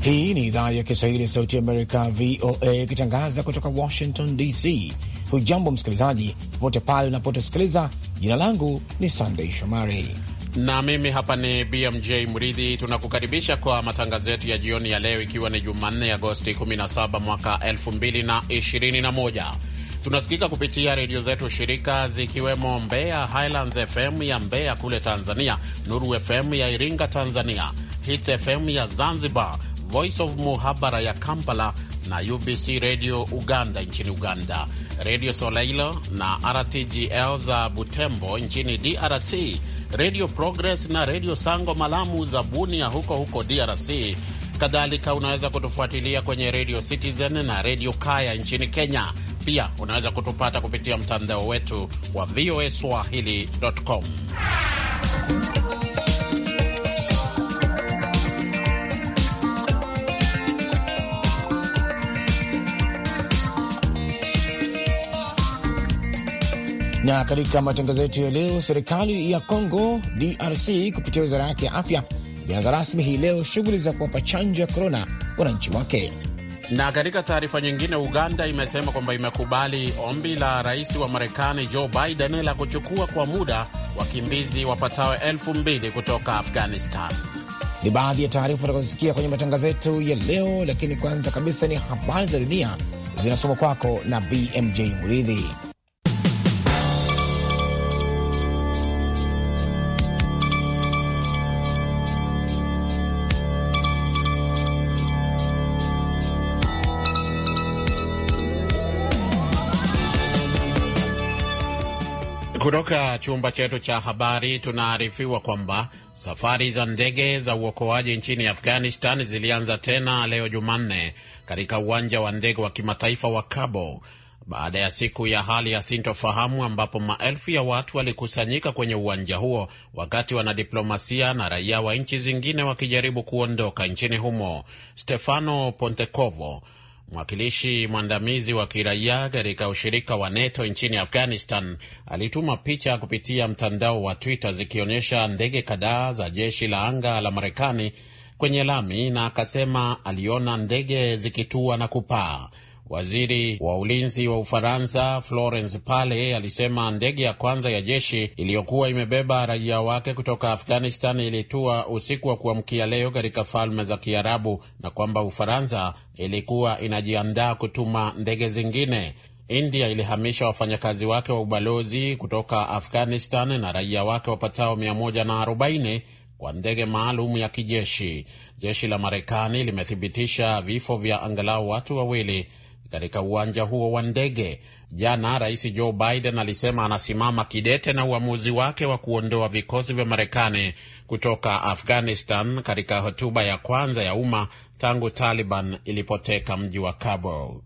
Hii ni idhaa ya Kiswahili ya Sauti ya Amerika, VOA, ikitangaza kutoka Washington DC. Hujambo msikilizaji, popote pale unapotusikiliza. Jina langu ni Sandei Shomari na mimi hapa ni BMJ Mridhi. Tunakukaribisha kwa matangazo yetu ya jioni ya leo, ikiwa ni Jumanne, Agosti 17 mwaka 2021. Tunasikika kupitia redio zetu shirika zikiwemo Mbeya Highlands FM ya Mbeya kule Tanzania, Nuru FM ya Iringa Tanzania, Hits FM ya Zanzibar, Voice of Muhabara ya Kampala na UBC Radio Uganda nchini Uganda. Redio Soleilo na RTGL za Butembo nchini DRC, Redio Progress na Redio Sango Malamu za Bunia huko huko DRC. Kadhalika unaweza kutufuatilia kwenye Redio Citizen na Redio Kaya nchini Kenya. Pia unaweza kutupata kupitia mtandao wetu wa VOA swahili.com. Na katika matangazo yetu ya leo, serikali ya congo DRC kupitia wizara yake ya afya imeanza rasmi hii leo shughuli za kuwapa chanjo ya korona wananchi wake. Na katika taarifa nyingine, Uganda imesema kwamba imekubali ombi la rais wa Marekani Joe Biden la kuchukua kwa muda wakimbizi wapatao elfu mbili kutoka Afghanistan. Ni baadhi ya taarifa utakazosikia kwenye matangazo yetu ya leo, lakini kwanza kabisa ni habari za dunia zinasoma kwako na BMJ Muridhi. Kutoka chumba chetu cha habari tunaarifiwa kwamba safari za ndege za uokoaji nchini Afghanistan zilianza tena leo Jumanne katika uwanja wa ndege wa kimataifa wa Kabul baada ya siku ya hali ya sintofahamu ambapo maelfu ya watu walikusanyika kwenye uwanja huo wakati wanadiplomasia na raia wa nchi zingine wakijaribu kuondoka nchini humo. Stefano Pontekovo Mwakilishi mwandamizi wa kiraia katika ushirika wa NATO nchini Afghanistan alituma picha kupitia mtandao wa Twitter zikionyesha ndege kadhaa za jeshi la anga la Marekani kwenye lami na akasema aliona ndege zikitua na kupaa. Waziri wa ulinzi wa Ufaransa Florence pale alisema ndege ya kwanza ya jeshi iliyokuwa imebeba raia wake kutoka Afghanistan ilitua usiku wa kuamkia leo katika Falme za Kiarabu na kwamba Ufaransa ilikuwa inajiandaa kutuma ndege zingine. India ilihamisha wafanyakazi wake wa ubalozi kutoka Afghanistan na raia wake wapatao 140 kwa ndege maalum ya kijeshi. Jeshi la Marekani limethibitisha vifo vya angalau watu wawili katika uwanja huo wa ndege. Jana Rais Joe Biden alisema anasimama kidete na uamuzi wake wa kuondoa vikosi vya Marekani kutoka Afghanistan, katika hotuba ya kwanza ya umma tangu Taliban ilipoteka mji wa Kabul.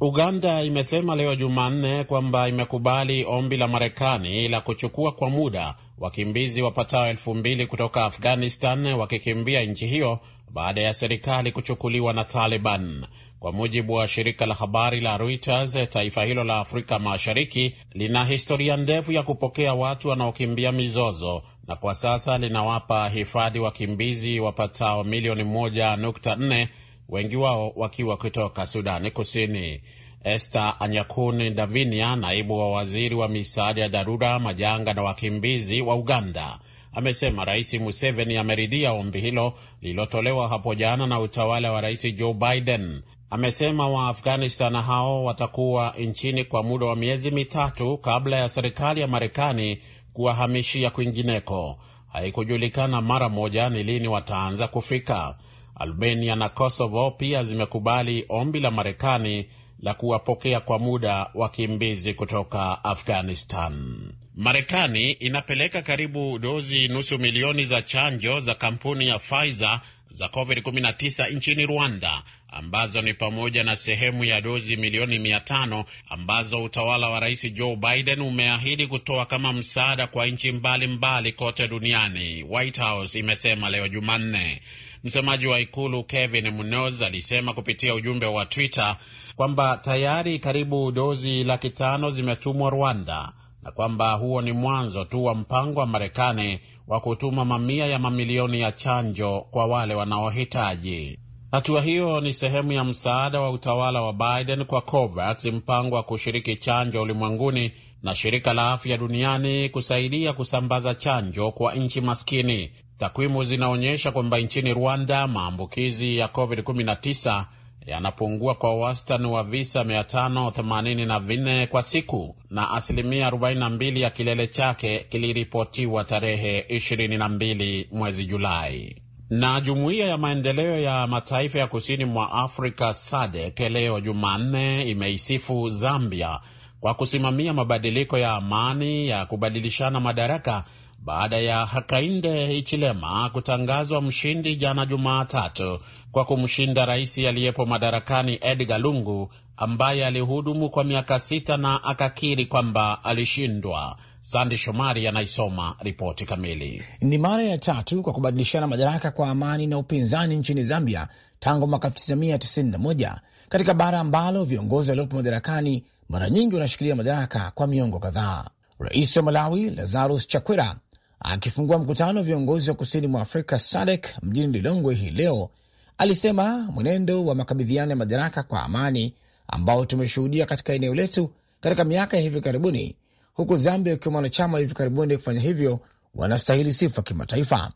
Uganda imesema leo Jumanne kwamba imekubali ombi la Marekani la kuchukua kwa muda wakimbizi wapatao elfu mbili kutoka Afghanistan wakikimbia nchi hiyo baada ya serikali kuchukuliwa na Taliban. Kwa mujibu wa shirika la habari la Reuters, taifa hilo la Afrika Mashariki lina historia ndefu ya kupokea watu wanaokimbia mizozo na kwa sasa linawapa hifadhi wakimbizi wapatao milioni 1.4, wengi wao wakiwa kutoka Sudani Kusini. Esther Anyakuni Davinia, naibu wa waziri wa misaada ya dharura, majanga na wakimbizi wa Uganda amesema Rais Museveni ameridhia ombi hilo lililotolewa hapo jana na utawala wa Rais Joe Biden. Amesema Waafghanistan hao watakuwa nchini kwa muda wa miezi mitatu kabla ya serikali ya Marekani kuwahamishia kwingineko. Haikujulikana mara moja ni lini wataanza kufika. Albania na Kosovo pia zimekubali ombi la Marekani la kuwapokea kwa muda wakimbizi kutoka Afghanistan. Marekani inapeleka karibu dozi nusu milioni za chanjo za kampuni ya Pfizer za COVID-19 nchini Rwanda ambazo ni pamoja na sehemu ya dozi milioni mia tano ambazo utawala wa Rais Joe Biden umeahidi kutoa kama msaada kwa nchi mbalimbali kote duniani, White House imesema leo Jumanne. Msemaji wa ikulu Kevin Munoz alisema kupitia ujumbe wa Twitter kwamba tayari karibu dozi laki tano zimetumwa Rwanda na kwamba huo ni mwanzo tu wa mpango wa Marekani wa kutuma mamia ya mamilioni ya chanjo kwa wale wanaohitaji. Hatua hiyo ni sehemu ya msaada wa utawala wa Biden kwa COVAX, mpango wa kushiriki chanjo ulimwenguni na shirika la afya duniani kusaidia kusambaza chanjo kwa nchi maskini. Takwimu zinaonyesha kwamba nchini Rwanda maambukizi ya COVID-19 yanapungua kwa wastani wa visa 584 kwa siku na asilimia 42 ya kilele chake kiliripotiwa tarehe 22 mwezi Julai. Na jumuiya ya maendeleo ya mataifa ya kusini mwa Afrika SADC leo Jumanne imeisifu Zambia kwa kusimamia mabadiliko ya amani ya kubadilishana madaraka baada ya Hakainde Ichilema kutangazwa mshindi jana Jumatatu kwa kumshinda rais aliyepo madarakani Edgar Lungu ambaye alihudumu kwa miaka sita na akakiri kwamba alishindwa. Sandi Shomari anaisoma ripoti kamili. Ni mara ya tatu kwa kubadilishana madaraka kwa amani na upinzani nchini Zambia tangu mwaka 1991 katika bara ambalo viongozi waliopo madarakani mara nyingi wanashikilia madaraka kwa miongo kadhaa. Rais wa Malawi Lazarus Chakwera Akifungua mkutano wa viongozi wa kusini mwa Afrika SADEK mjini Lilongwe hii leo, alisema mwenendo wa makabidhiano ya madaraka kwa amani ambao tumeshuhudia katika eneo letu katika miaka ya hivi karibuni, huku Zambia ukiwa mwanachama hivi karibuni kufanya hivyo, wanastahili sifa kimataifa.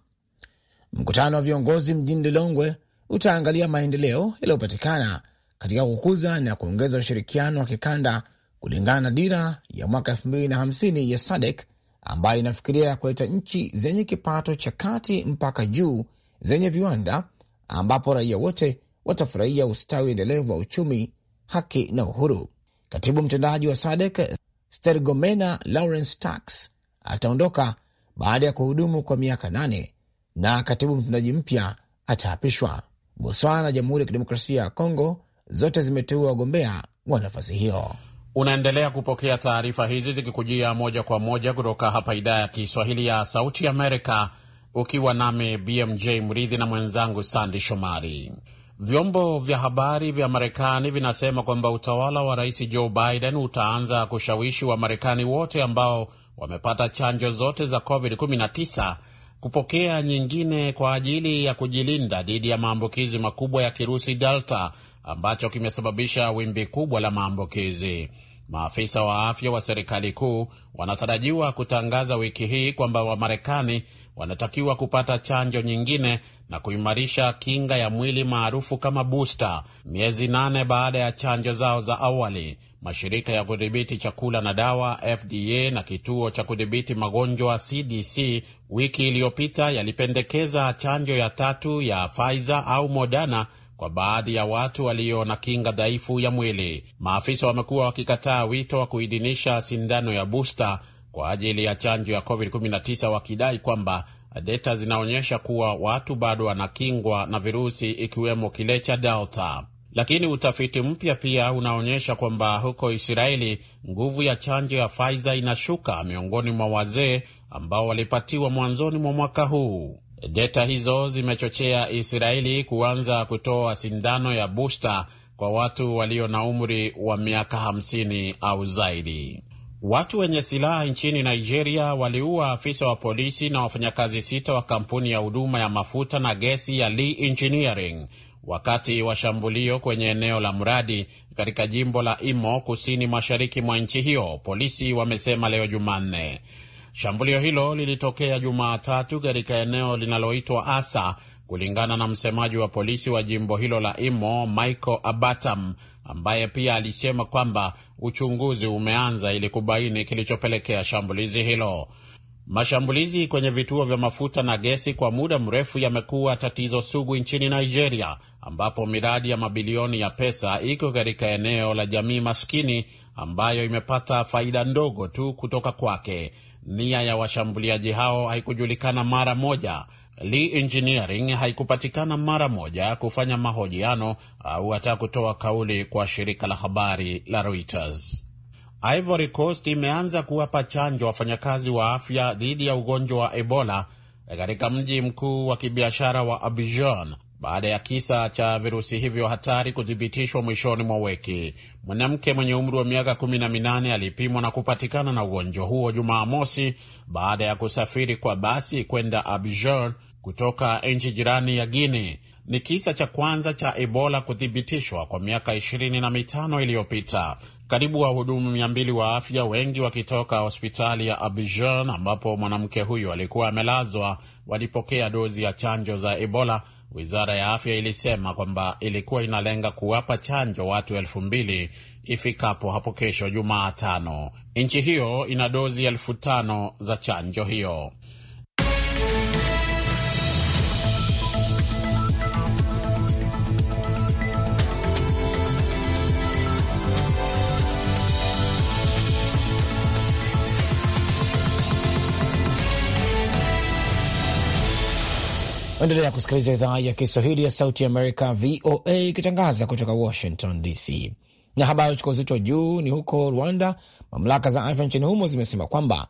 Mkutano wa viongozi mjini Lilongwe utaangalia maendeleo yaliyopatikana katika kukuza na kuongeza ushirikiano wa kikanda kulingana na dira ya mwaka elfu ya SADEK ambayo inafikiria kuleta nchi zenye kipato cha kati mpaka juu zenye viwanda ambapo raia wote watafurahia ustawi endelevu wa uchumi, haki na uhuru. Katibu mtendaji wa SADC Stergomena Lawrence Tax ataondoka baada ya kuhudumu kwa miaka nane na katibu mtendaji mpya ataapishwa. Botswana na Jamhuri ya Kidemokrasia ya Kongo zote zimeteua wagombea wa nafasi hiyo. Unaendelea kupokea taarifa hizi zikikujia moja kwa moja kutoka hapa idhaa ya Kiswahili ya Sauti Amerika, ukiwa nami BMJ Mridhi na mwenzangu Sandi Shomari. Vyombo vya habari vya Marekani vinasema kwamba utawala wa Rais Joe Biden utaanza kushawishi Wamarekani wote ambao wamepata chanjo zote za COVID-19 kupokea nyingine kwa ajili ya kujilinda dhidi ya maambukizi makubwa ya kirusi Delta ambacho kimesababisha wimbi kubwa la maambukizi. Maafisa wa afya wa serikali kuu wanatarajiwa kutangaza wiki hii kwamba Wamarekani wanatakiwa kupata chanjo nyingine na kuimarisha kinga ya mwili maarufu kama busta, miezi nane baada ya chanjo zao za awali. Mashirika ya kudhibiti chakula na dawa FDA na kituo cha kudhibiti magonjwa CDC wiki iliyopita yalipendekeza chanjo ya tatu ya Pfizer au Moderna kwa baadhi ya watu walio na kinga dhaifu ya mwili. Maafisa wamekuwa wakikataa wito wa kuidhinisha sindano ya busta kwa ajili ya chanjo ya COVID-19 wakidai kwamba data zinaonyesha kuwa watu bado wanakingwa na virusi ikiwemo kile cha Delta. Lakini utafiti mpya pia unaonyesha kwamba huko Israeli nguvu ya chanjo ya Pfizer inashuka miongoni mwa wazee ambao walipatiwa mwanzoni mwa mwaka huu. Deta hizo zimechochea Israeli kuanza kutoa sindano ya busta kwa watu walio na umri wa miaka 50 au zaidi. Watu wenye silaha nchini Nigeria waliua afisa wa polisi na wafanyakazi sita wa kampuni ya huduma ya mafuta na gesi ya Lee Engineering wakati wa shambulio kwenye eneo la mradi katika jimbo la Imo kusini mashariki mwa nchi hiyo, polisi wamesema leo Jumanne. Shambulio hilo lilitokea Jumatatu katika eneo linaloitwa Asa, kulingana na msemaji wa polisi wa jimbo hilo la Imo, Michael Abatam, ambaye pia alisema kwamba uchunguzi umeanza ili kubaini kilichopelekea shambulizi hilo. Mashambulizi kwenye vituo vya mafuta na gesi kwa muda mrefu yamekuwa tatizo sugu nchini Nigeria, ambapo miradi ya mabilioni ya pesa iko katika eneo la jamii maskini ambayo imepata faida ndogo tu kutoka kwake. Nia ya washambuliaji hao haikujulikana mara moja. Lee Engineering haikupatikana mara moja kufanya mahojiano au hata kutoa kauli kwa shirika la habari la Reuters. Ivory Coast imeanza kuwapa chanjo wafanyakazi wa afya dhidi ya ugonjwa wa Ebola katika mji mkuu wa kibiashara wa Abidjan baada ya kisa cha virusi hivyo hatari kuthibitishwa mwishoni mwa wiki. Mwanamke mwenye umri wa miaka kumi na minane alipimwa na kupatikana na ugonjwa huo Jumamosi baada ya kusafiri kwa basi kwenda Abidjan kutoka nchi jirani ya Guinea. Ni kisa cha kwanza cha Ebola kuthibitishwa kwa miaka ishirini na mitano iliyopita. Karibu wahudumu mia mbili wa afya, wengi wakitoka hospitali ya Abidjan ambapo mwanamke huyo alikuwa amelazwa, walipokea dozi ya chanjo za Ebola Wizara ya afya ilisema kwamba ilikuwa inalenga kuwapa chanjo watu elfu mbili ifikapo hapo kesho Jumatano. Nchi hiyo ina dozi elfu tano za chanjo hiyo. Endelea kusikiliza idhaa ya Kiswahili ya Sauti Amerika, VOA, ikitangaza kutoka Washington DC. Na habari uchukua uzito juu ni huko Rwanda. Mamlaka za afya nchini humo zimesema kwamba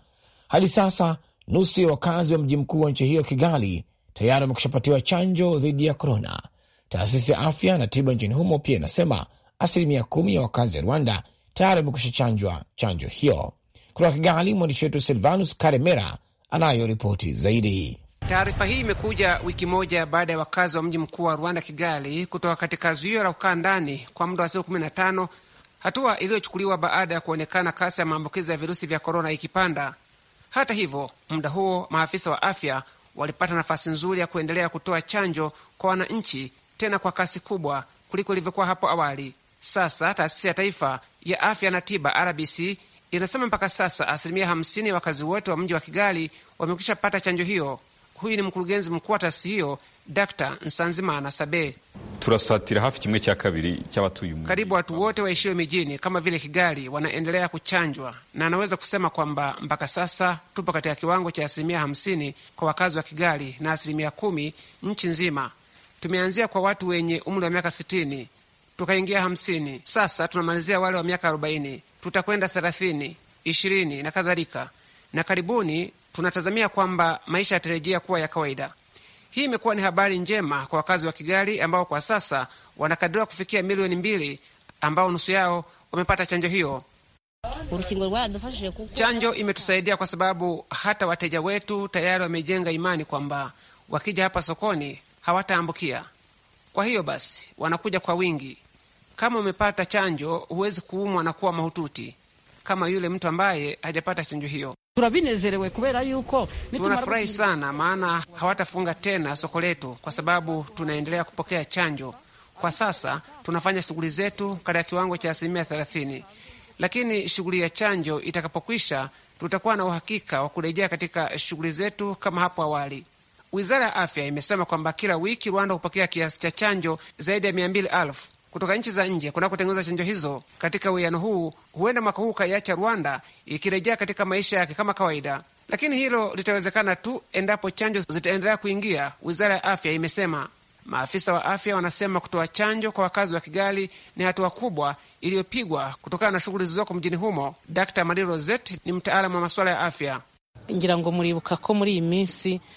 hadi sasa nusu ya wakazi wa mji mkuu wa nchi hiyo Kigali tayari wamekushapatiwa chanjo dhidi ya korona. Taasisi ya afya na tiba nchini humo pia inasema asilimia kumi ya wakazi wa Rwanda tayari wamekusha chanjwa chanjo hiyo. Kutoka Kigali, mwandishi wetu Silvanus Karemera anayo ripoti zaidi. Taarifa hii imekuja wiki moja baada ya wakazi wa mji mkuu wa Rwanda, Kigali, kutoka katika zuio la kukaa ndani kwa muda wa siku tano, hatua iliyochukuliwa baada ya kuonekana kasi ya maambukizi ya virusi vya korona ikipanda. Hata hivyo, muda huo maafisa wa afya walipata nafasi nzuri ya kuendelea kutoa chanjo kwa wananchi, tena kwa kasi kubwa kuliko ilivyokuwa hapo awali. Sasa taasisi ya taifa ya afya na tiba RBC inasema mpaka sasa asilimia 50 ya wakazi wote wa mji wa Kigali wamekwisha pata chanjo hiyo. Huyu ni mkurugenzi mkuu wa taasisi hiyo Dr Nsanzimana Sabe. turasatira hafi kimwe cha kabiri cy'abatuye umujyi. Karibu watu wote waishiwe mijini kama vile Kigali wanaendelea kuchanjwa, na anaweza kusema kwamba mpaka sasa tupo katika kiwango cha asilimia 50 kwa wakazi wa Kigali na asilimia kumi nchi nzima. Tumeanzia kwa watu wenye umri wa miaka 60 tukaingia 50, sasa tunamalizia wale wa miaka 40, tutakwenda 30, 20 na kadhalika, na karibuni tunatazamia kwamba maisha yatarejea kuwa ya kawaida. Hii imekuwa ni habari njema kwa wakazi wa Kigali ambao kwa sasa wanakadiriwa kufikia milioni mbili ambao nusu yao wamepata chanjo hiyo. Chanjo imetusaidia kwa sababu hata wateja wetu tayari wamejenga imani kwamba wakija hapa sokoni hawataambukia. Kwa hiyo basi wanakuja kwa wingi. Kama umepata chanjo, huwezi kuumwa na kuwa mahututi kama yule mtu ambaye hajapata chanjo hiyo turabinezerewe kubera yuko tunafurahi sana, maana hawatafunga tena soko letu kwa sababu tunaendelea kupokea chanjo. Kwa sasa tunafanya shughuli zetu katika kiwango cha asilimia thelathini, lakini shughuli ya chanjo itakapokwisha tutakuwa na uhakika wa kurejea katika shughuli zetu kama hapo awali. Wizara ya afya imesema kwamba kila wiki Rwanda hupokea kiasi cha chanjo zaidi ya mia mbili elfu kutoka nchi za nje kunakotengeneza chanjo hizo. Katika uwiano huu, huenda mwaka huu ukaiacha Rwanda ikirejea katika maisha yake kama kawaida, lakini hilo litawezekana tu endapo chanjo zitaendelea kuingia, wizara ya afya imesema. Maafisa wa afya wanasema kutoa chanjo kwa wakazi wa Kigali ni hatua kubwa iliyopigwa kutokana na shughuli zilizoko mjini humo. dr mari Rosette ni mtaalamu wa masuala ya afya.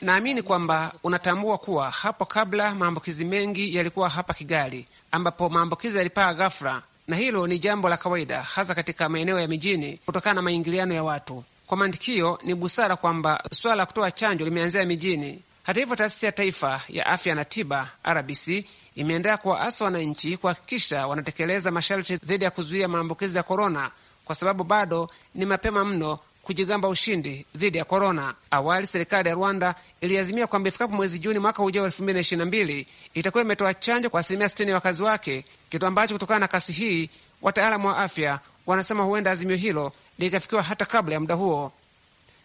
Naamini kwamba unatambua kuwa hapo kabla maambukizi mengi yalikuwa hapa Kigali, ambapo maambukizi yalipaa ghafula, na hilo ni jambo la kawaida, hasa katika maeneo ya mijini kutokana na maingiliano ya watu. Kwa mantikio, ni busara kwamba suala la kutoa chanjo limeanzia mijini. Hata hivyo, taasisi ya taifa ya afya na tiba RBC imeendelea kuwaasa wananchi kuhakikisha wanatekeleza masharti dhidi ya kuzuia maambukizi ya korona, kwa sababu bado ni mapema mno kujigamba ushindi dhidi ya korona. Awali serikali ya Rwanda iliazimia kwamba ifikapo mwezi Juni mwaka ujao elfu mbili na ishirini na mbili itakuwa imetoa chanjo kwa asilimia sitini ya wakazi wake, kitu ambacho kutokana na kasi hii wataalamu wa afya wanasema huenda azimio hilo likafikiwa hata kabla ya muda huo.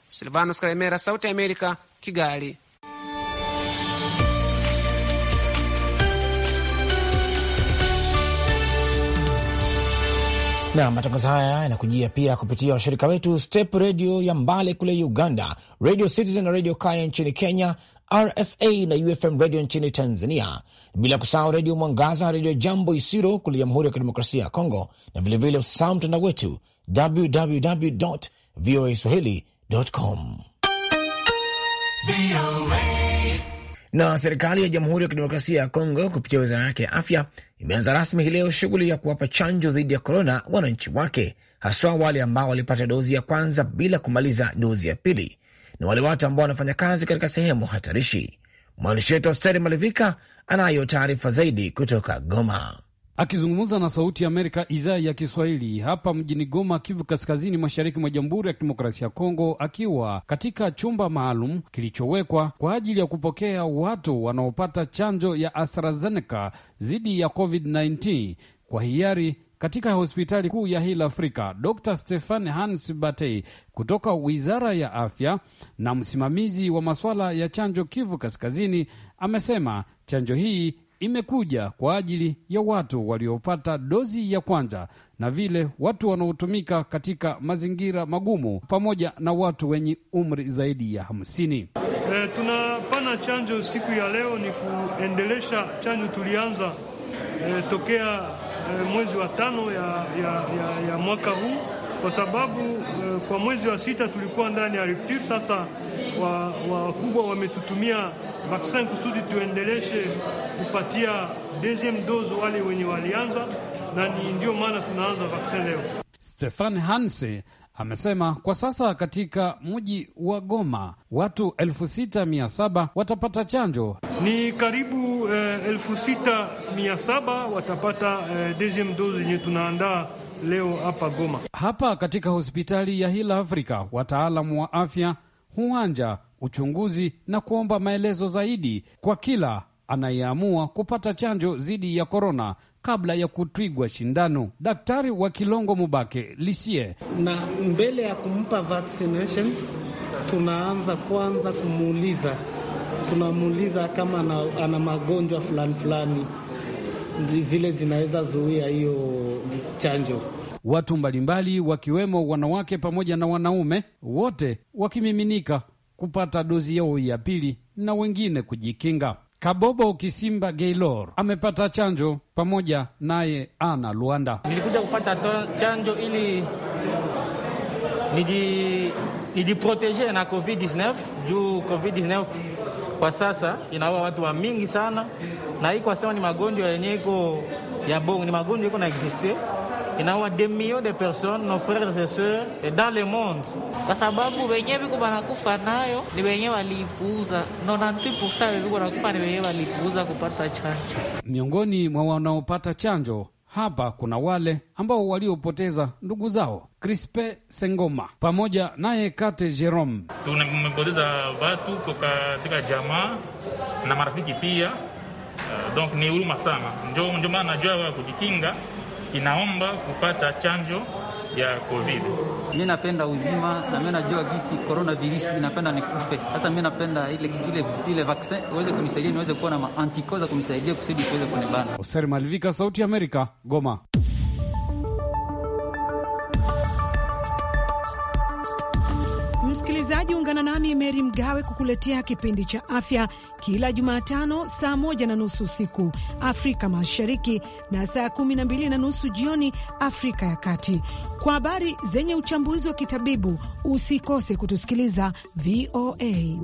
Silvanos Karemera, Sauti ya Amerika, Kigali. na matangazo haya yanakujia pia kupitia washirika wetu Step Redio ya Mbale kule Uganda, Radio Citizen na Redio Kaya nchini Kenya, RFA na UFM Redio nchini Tanzania, bila kusahau Redio Mwangaza, Redio Jambo Isiro kule Jamhuri ya Kidemokrasia ya Kongo, na vilevile usisahau mtandao wetu www voa swahili com. Na serikali ya Jamhuri ya Kidemokrasia ya Kongo kupitia wizara yake ya afya imeanza rasmi hii leo shughuli ya kuwapa chanjo dhidi ya korona wananchi wake, haswa wale ambao walipata dozi ya kwanza bila kumaliza dozi ya pili na wale watu ambao wanafanya kazi katika sehemu hatarishi. Mwandishi wetu Osteri Malivika anayo taarifa zaidi kutoka Goma. Akizungumza na Sauti ya Amerika idhaa ya Kiswahili hapa mjini Goma, Kivu Kaskazini, mashariki mwa Jamhuri ya Kidemokrasia ya Kongo, akiwa katika chumba maalum kilichowekwa kwa ajili ya kupokea watu wanaopata chanjo ya AstraZeneca dhidi ya COVID-19 kwa hiari katika hospitali kuu ya Hill Afrika, Dr Stefan Hans Batey kutoka wizara ya afya na msimamizi wa masuala ya chanjo Kivu Kaskazini amesema chanjo hii imekuja kwa ajili ya watu waliopata dozi ya kwanza na vile watu wanaotumika katika mazingira magumu pamoja na watu wenye umri zaidi ya hamsini. E, tunapana chanjo siku ya leo ni kuendelesha chanjo tulianza e, tokea e, mwezi wa tano ya, ya, ya, ya mwaka huu kwa sababu e, kwa mwezi wa sita tulikuwa ndani ya riptif. Sasa wakubwa wa wametutumia vaksin kusudi tuendeleshe kupatia deuxième dose wale wenye walianza, na ni ndio maana tunaanza vaksin leo. Stefan Hanse amesema kwa sasa katika mji wa Goma watu elfu sita mia saba watapata chanjo, ni karibu eh, elfu sita mia saba watapata eh, deuxième dose yenye tunaandaa leo hapa Goma. Hapa katika hospitali ya Hila Afrika wataalamu wa afya huanja uchunguzi na kuomba maelezo zaidi kwa kila anayeamua kupata chanjo dhidi ya korona kabla ya kutwigwa shindano. Daktari wa Kilongo Mubake Lisie: na mbele ya kumpa vaccination, tunaanza kwanza kumuuliza, tunamuuliza kama ana, ana magonjwa fulani fulani zile zinaweza zuia hiyo chanjo. Watu mbalimbali wakiwemo wanawake pamoja na wanaume wote wakimiminika kupata dozi yao ya pili na wengine kujikinga. Kabobo Kisimba Gaylor amepata chanjo pamoja naye Ana Luanda. Nilikuja kupata chanjo ili niji nijiproteje na COVID-19 juu COVID-19 kwa sasa inaua watu wa mingi sana, na hii kwa sema ni magonjwa yenye iko ya bongo, ni magonjwa iko na existe inaua de milioni de personnes nos frères et sœurs dans le monde, kwa sababu wenye viko wanakufa nayo ni wenye waliipuuza. 93% viko wanakufa ni wenye waliipuuza kupata chanjo. Miongoni mwa wanaopata chanjo hapa kuna wale ambao waliopoteza ndugu zao. Crispe Sengoma pamoja naye Kate Jerome, tumepoteza watu katika jamaa na marafiki pia. Uh, donc ni huruma sana, ndio maana najua kujikinga inaomba kupata chanjo ya COVID. Mi napenda uzima na mi najua gisi coronavirus inapenda nikufe. Sasa mi napenda ile, ile, ile vaccine uweze kunisaidia niweze kuwa na maantikoza kunisaidia kusidi siweze kunibana. Hoser Malivika, Sauti ya Amerika, Goma. msikilizaji, ungana nami Meri Mgawe kukuletea kipindi cha afya kila Jumatano saa moja na nusu usiku Afrika Mashariki na saa kumi na mbili na nusu jioni Afrika ya Kati, kwa habari zenye uchambuzi wa kitabibu. Usikose kutusikiliza VOA.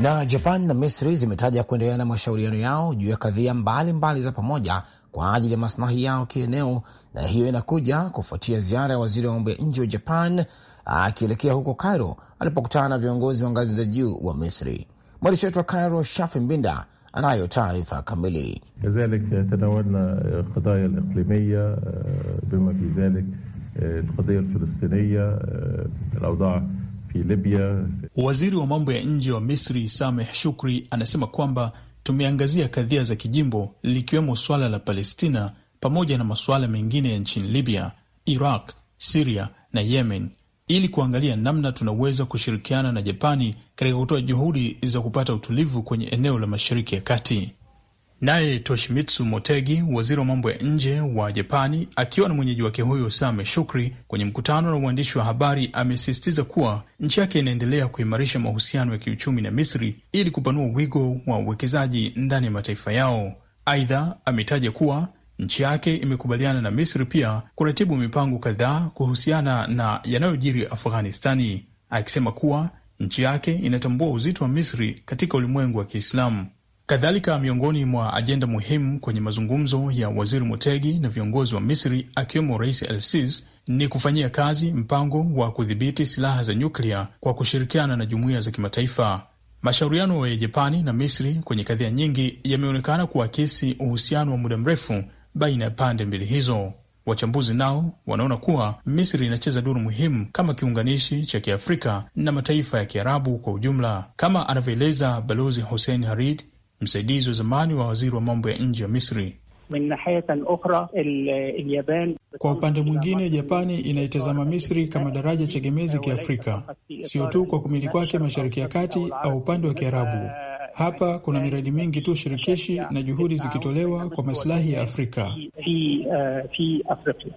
Na Japan na Misri zimetaja kuendelea na mashauriano yao juu ya kadhia mbalimbali za pamoja kwa ajili ya maslahi yao kieneo, na hiyo inakuja kufuatia ziara ya waziri wa mambo ya nje wa Japan akielekea huko Cairo alipokutana na viongozi wa ngazi za juu wa Misri. Mwandishi wetu wa Cairo, Shafi Mbinda, anayo taarifa kamili. tanawalna bima fi fi libya. Waziri wa mambo ya nje wa Misri Sameh Shukri anasema kwamba tumeangazia kadhia za kijimbo likiwemo swala la Palestina pamoja na masuala mengine ya nchini Libya, Iraq, Siria na Yemen ili kuangalia namna tunaweza kushirikiana na Japani katika kutoa juhudi za kupata utulivu kwenye eneo la Mashariki ya Kati. Naye Toshimitsu Motegi, waziri wa mambo ya nje wa Japani, akiwa na mwenyeji wake huyo Same Shukri, kwenye mkutano na mwandishi wa habari, amesisitiza kuwa nchi yake inaendelea kuimarisha mahusiano ya kiuchumi na Misri ili kupanua wigo wa uwekezaji ndani ya mataifa yao. Aidha, ametaja kuwa nchi yake imekubaliana na Misri pia kuratibu mipango kadhaa kuhusiana na yanayojiri Afghanistani, akisema kuwa nchi yake inatambua uzito wa Misri katika ulimwengu wa Kiislamu. Kadhalika, miongoni mwa ajenda muhimu kwenye mazungumzo ya Waziri Motegi na viongozi wa Misri akiwemo Rais El-Sisi ni kufanyia kazi mpango wa kudhibiti silaha za nyuklia kwa kushirikiana na jumuiya za kimataifa. Mashauriano ya Japani na Misri kwenye kadhia nyingi yameonekana kuakisi uhusiano wa muda mrefu baina ya pande mbili hizo. Wachambuzi nao wanaona kuwa Misri inacheza duru muhimu kama kiunganishi cha Kiafrika na mataifa ya Kiarabu kwa ujumla, kama anavyoeleza Balozi Hussein Harid, msaidizi wa zamani wa waziri wa mambo ya nje wa Misri. Kwa upande mwingine, Japani inaitazama Misri kama daraja chegemezi kiafrika, sio tu kwa kumili kwake Mashariki ya Kati au upande wa Kiarabu. Hapa kuna miradi mingi tu shirikishi na juhudi zikitolewa kwa masilahi ya Afrika. Uh, uh,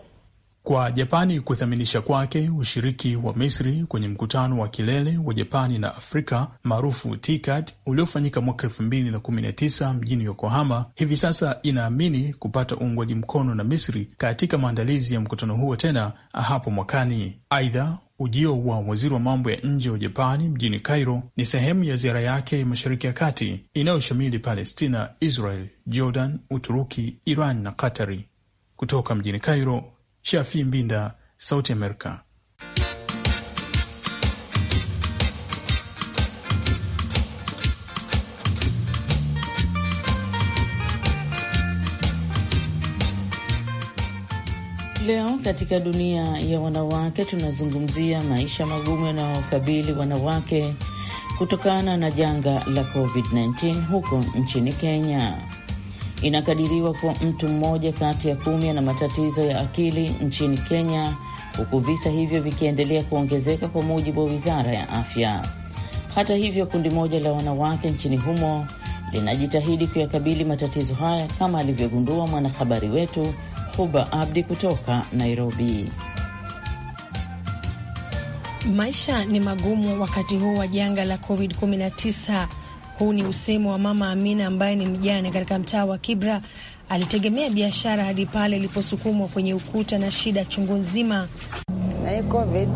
kwa Japani kuthaminisha kwake ushiriki wa Misri kwenye mkutano wa kilele wa Japani na Afrika maarufu TICAD uliofanyika mwaka elfu mbili na kumi na tisa mjini Yokohama, hivi sasa inaamini kupata uungwaji mkono na Misri katika maandalizi ya mkutano huo tena hapo mwakani. Aidha, ujio wa waziri wa mambo ya nje wa Japani mjini Cairo ni sehemu ya ziara yake Mashariki ya Kati inayoshamili Palestina, Israel, Jordan, Uturuki, Iran na qatari Kutoka mjini Cairo, Shafi Mbinda, Sauti Amerika. Leo katika dunia ya wanawake tunazungumzia maisha magumu yanayokabili wanawake kutokana na janga la COVID-19 huko nchini Kenya. Inakadiriwa kuwa mtu mmoja kati ya kumi ana matatizo ya akili nchini Kenya, huku visa hivyo vikiendelea kuongezeka kwa mujibu wa wizara ya afya. Hata hivyo, kundi moja la wanawake nchini humo linajitahidi kuyakabili matatizo haya, kama alivyogundua mwanahabari wetu Huba Abdi kutoka Nairobi. Maisha ni magumu wakati huu wa janga la COVID-19 huu ni usemo wa mama Amina ambaye ni mjane katika mtaa wa Kibra. Alitegemea biashara hadi pale iliposukumwa kwenye ukuta na shida chungu nzima. Na hii COVID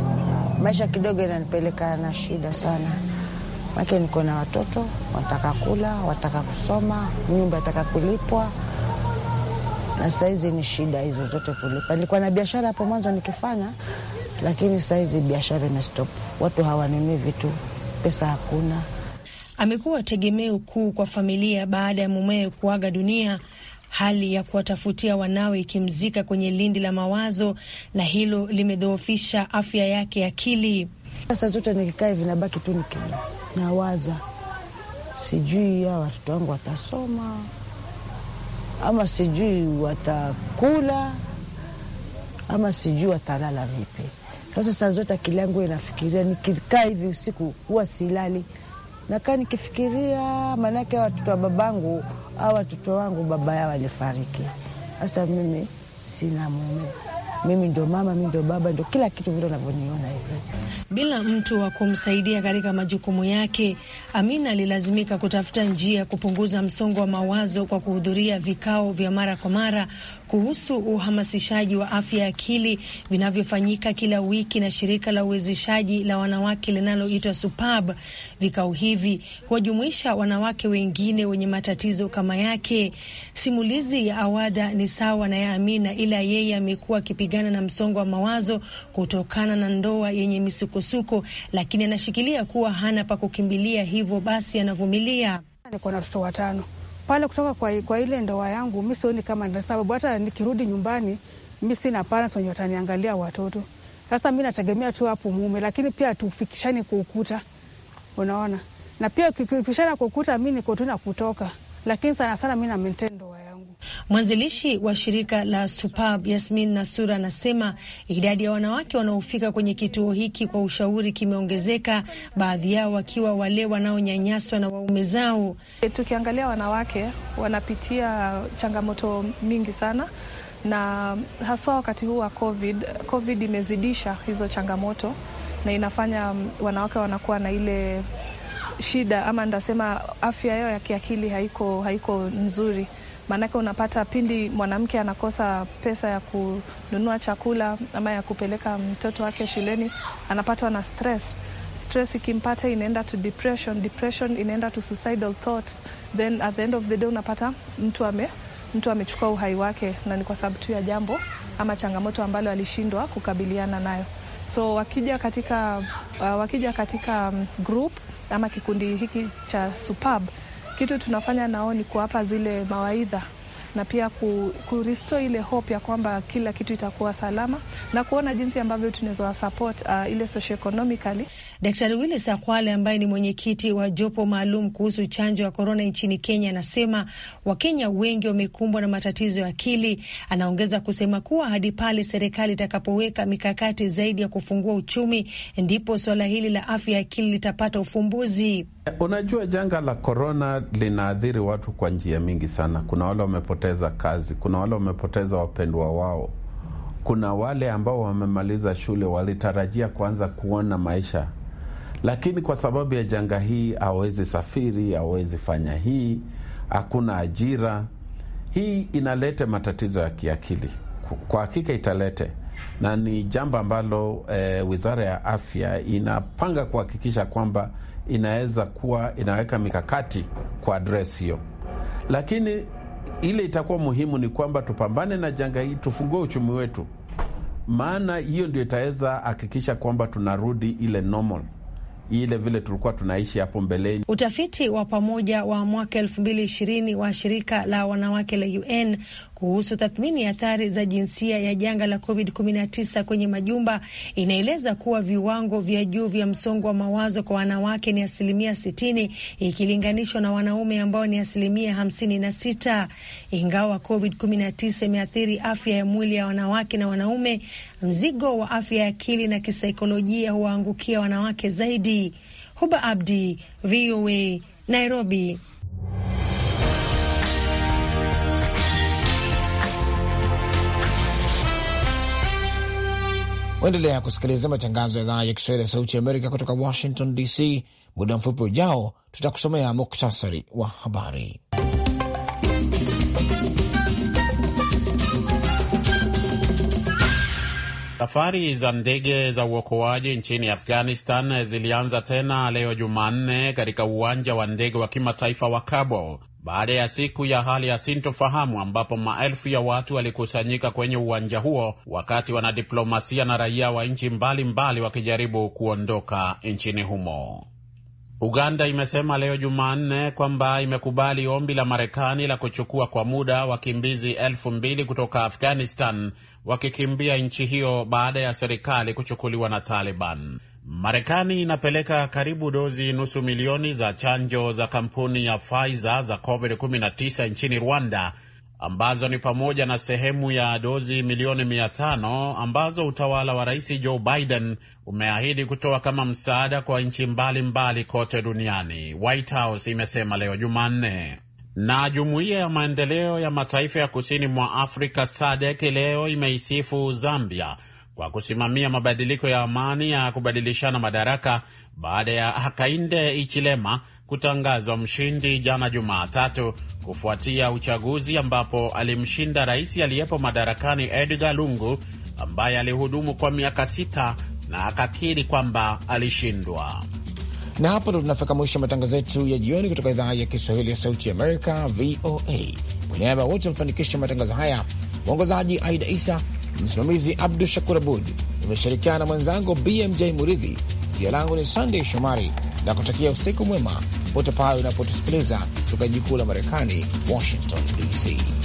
maisha kidogo inanipeleka na shida sana, make niko na watoto wataka kula, wataka kusoma, nyumba ataka kulipwa, na sahizi ni shida hizo zote kulipa. Nilikuwa na biashara hapo mwanzo nikifanya, lakini sahizi biashara imestop, watu hawanunui vitu, pesa hakuna amekuwa tegemeo kuu kwa familia baada ya mumewe kuaga dunia, hali ya kuwatafutia wanawe ikimzika kwenye lindi la mawazo, na hilo limedhoofisha afya yake akili. Sasa zote nikikaa hivi nabaki tu nikinawaza sijui hawa watoto wangu watasoma ama sijui watakula ama sijui watalala vipi. Sasa saa zote akili yangu inafikiria, nikikaa hivi usiku huwa silali nakaa nikifikiria, maanake watoto wa babangu au watoto wangu baba yao walifariki. Sasa mimi sina mume, mimi ndo mama, mi ndo baba, ndo kila kitu vile unavyoniona hivi. Bila mtu wa kumsaidia katika majukumu yake, Amina alilazimika kutafuta njia ya kupunguza msongo wa mawazo kwa kuhudhuria vikao vya mara kwa mara kuhusu uhamasishaji wa afya ya akili vinavyofanyika kila wiki na shirika la uwezeshaji la wanawake linaloitwa SUPAB. Vikao hivi huwajumuisha wanawake wengine wenye matatizo kama yake. Simulizi ya Awada ni sawa na ya Amina, ila yeye amekuwa akipigana na msongo wa mawazo kutokana na ndoa yenye misukosuko, lakini anashikilia kuwa hana pa kukimbilia, hivyo basi anavumilia. Niko na watoto watano pale kutoka kwa, kwa ile ndoa yangu, mi sioni kama na sababu. Hata nikirudi nyumbani, mi sina parents wenye wataniangalia watoto. Sasa mi nategemea tu hapo mume, lakini pia tufikishani kwa ukuta, unaona, na pia ukifikishana kwa ukuta, mi niko tu na kutoka, lakini sana sana mi na maintain ndoa yangu. Mwanzilishi wa shirika la Supab Yasmin Nasur anasema idadi ya wanawake wanaofika kwenye kituo hiki kwa ushauri kimeongezeka, baadhi yao wakiwa wale wanaonyanyaswa na waume zao. Tukiangalia wanawake wanapitia changamoto mingi sana na haswa wakati huu wa COVID. COVID imezidisha hizo changamoto na inafanya wanawake wanakuwa na ile shida ama nitasema afya yao ya kiakili haiko, haiko nzuri maanake unapata pindi mwanamke anakosa pesa ya kununua chakula ama ya kupeleka mtoto wake shuleni, anapatwa na stress. Stress ikimpata inaenda to depression, depression inaenda to suicidal thoughts, then at the end of the day unapata mtu ame mtu amechukua uhai wake, na ni kwa sababu tu ya jambo ama changamoto ambalo alishindwa kukabiliana nayo. So wakija katika, uh, wakija katika group ama kikundi hiki cha SUPAB kitu tunafanya nao ni kuwapa zile mawaidha na pia kuristo ile hope ya kwamba kila kitu itakuwa salama na kuona jinsi ambavyo tunaweza support uh, ile socioeconomically Daktari Willis Akwale ambaye ni mwenyekiti wa jopo maalum kuhusu chanjo ya korona nchini Kenya anasema Wakenya wengi wamekumbwa na matatizo ya akili. Anaongeza kusema kuwa hadi pale serikali itakapoweka mikakati zaidi ya kufungua uchumi ndipo suala hili la afya ya akili litapata ufumbuzi. Unajua, janga la korona linaathiri watu kwa njia mingi sana. Kuna wale wamepoteza kazi, kuna wale wamepoteza wapendwa wao, kuna wale ambao wamemaliza shule walitarajia kuanza kuona maisha lakini kwa sababu ya janga hii hawezi safiri, hawezi fanya hii, hakuna ajira. Hii inaleta matatizo ya kiakili, kwa hakika italete, na ni jambo ambalo e, wizara ya afya inapanga kuhakikisha kwamba inaweza kuwa inaweka mikakati kwa adres hiyo, lakini ile itakuwa muhimu ni kwamba tupambane na janga hii, tufungue uchumi wetu, maana hiyo ndio itaweza hakikisha kwamba tunarudi ile normal ile vile tulikuwa tunaishi hapo mbeleni. Utafiti wa pamoja wa mwaka elfu mbili ishirini wa shirika la wanawake la UN kuhusu tathmini ya athari za jinsia ya janga la COVID-19 kwenye majumba inaeleza kuwa viwango vya juu vya msongo wa mawazo kwa wanawake ni asilimia 60 ikilinganishwa na wanaume ambao ni asilimia 56. Ingawa COVID-19 imeathiri afya ya mwili ya wanawake na wanaume, mzigo wa afya ya akili na kisaikolojia huwaangukia wanawake zaidi. Huba Abdi, VOA, Nairobi. Waendelea kusikiliza matangazo ya idhaa ya Kiswahili ya Sauti ya Amerika kutoka Washington DC. Muda mfupi ujao, tutakusomea muktasari wa habari. Safari za ndege za uokoaji nchini Afghanistan zilianza tena leo Jumanne katika uwanja wa ndege wa kimataifa wa Kabul baada ya siku ya hali ya sintofahamu ambapo maelfu ya watu walikusanyika kwenye uwanja huo wakati wanadiplomasia na raia wa nchi mbalimbali wakijaribu kuondoka nchini humo. Uganda imesema leo Jumanne kwamba imekubali ombi la Marekani la kuchukua kwa muda wakimbizi elfu mbili kutoka Afghanistan wakikimbia nchi hiyo baada ya serikali kuchukuliwa na Taliban. Marekani inapeleka karibu dozi nusu milioni za chanjo za kampuni ya Pfizer za COVID-19 nchini Rwanda ambazo ni pamoja na sehemu ya dozi milioni mia tano ambazo utawala wa Rais Joe Biden umeahidi kutoa kama msaada kwa nchi mbalimbali kote duniani, White House imesema leo Jumanne. Na jumuiya ya maendeleo ya mataifa ya kusini mwa Afrika sadek leo imeisifu Zambia kwa kusimamia mabadiliko ya amani ya kubadilishana madaraka baada ya Hakainde Ichilema kutangazwa mshindi jana Jumatatu kufuatia uchaguzi ambapo alimshinda rais aliyepo madarakani Edgar Lungu ambaye alihudumu kwa miaka sita na akakiri kwamba alishindwa. Na hapo ndo tunafika mwisho wa matangazo yetu ya jioni kutoka idhaa ya Kiswahili ya Sauti ya Amerika, VOA. Kwa niaba wote wamefanikisha matangazo haya, mwongozaji Aida Isa, msimamizi Abdu Shakur Abud, imeshirikiana na mwenzangu BMJ Muridhi. Jina langu ni Sandey Shomari na kutakia usiku mwema pote pale unapotusikiliza kutoka jikuu la Marekani, Washington DC.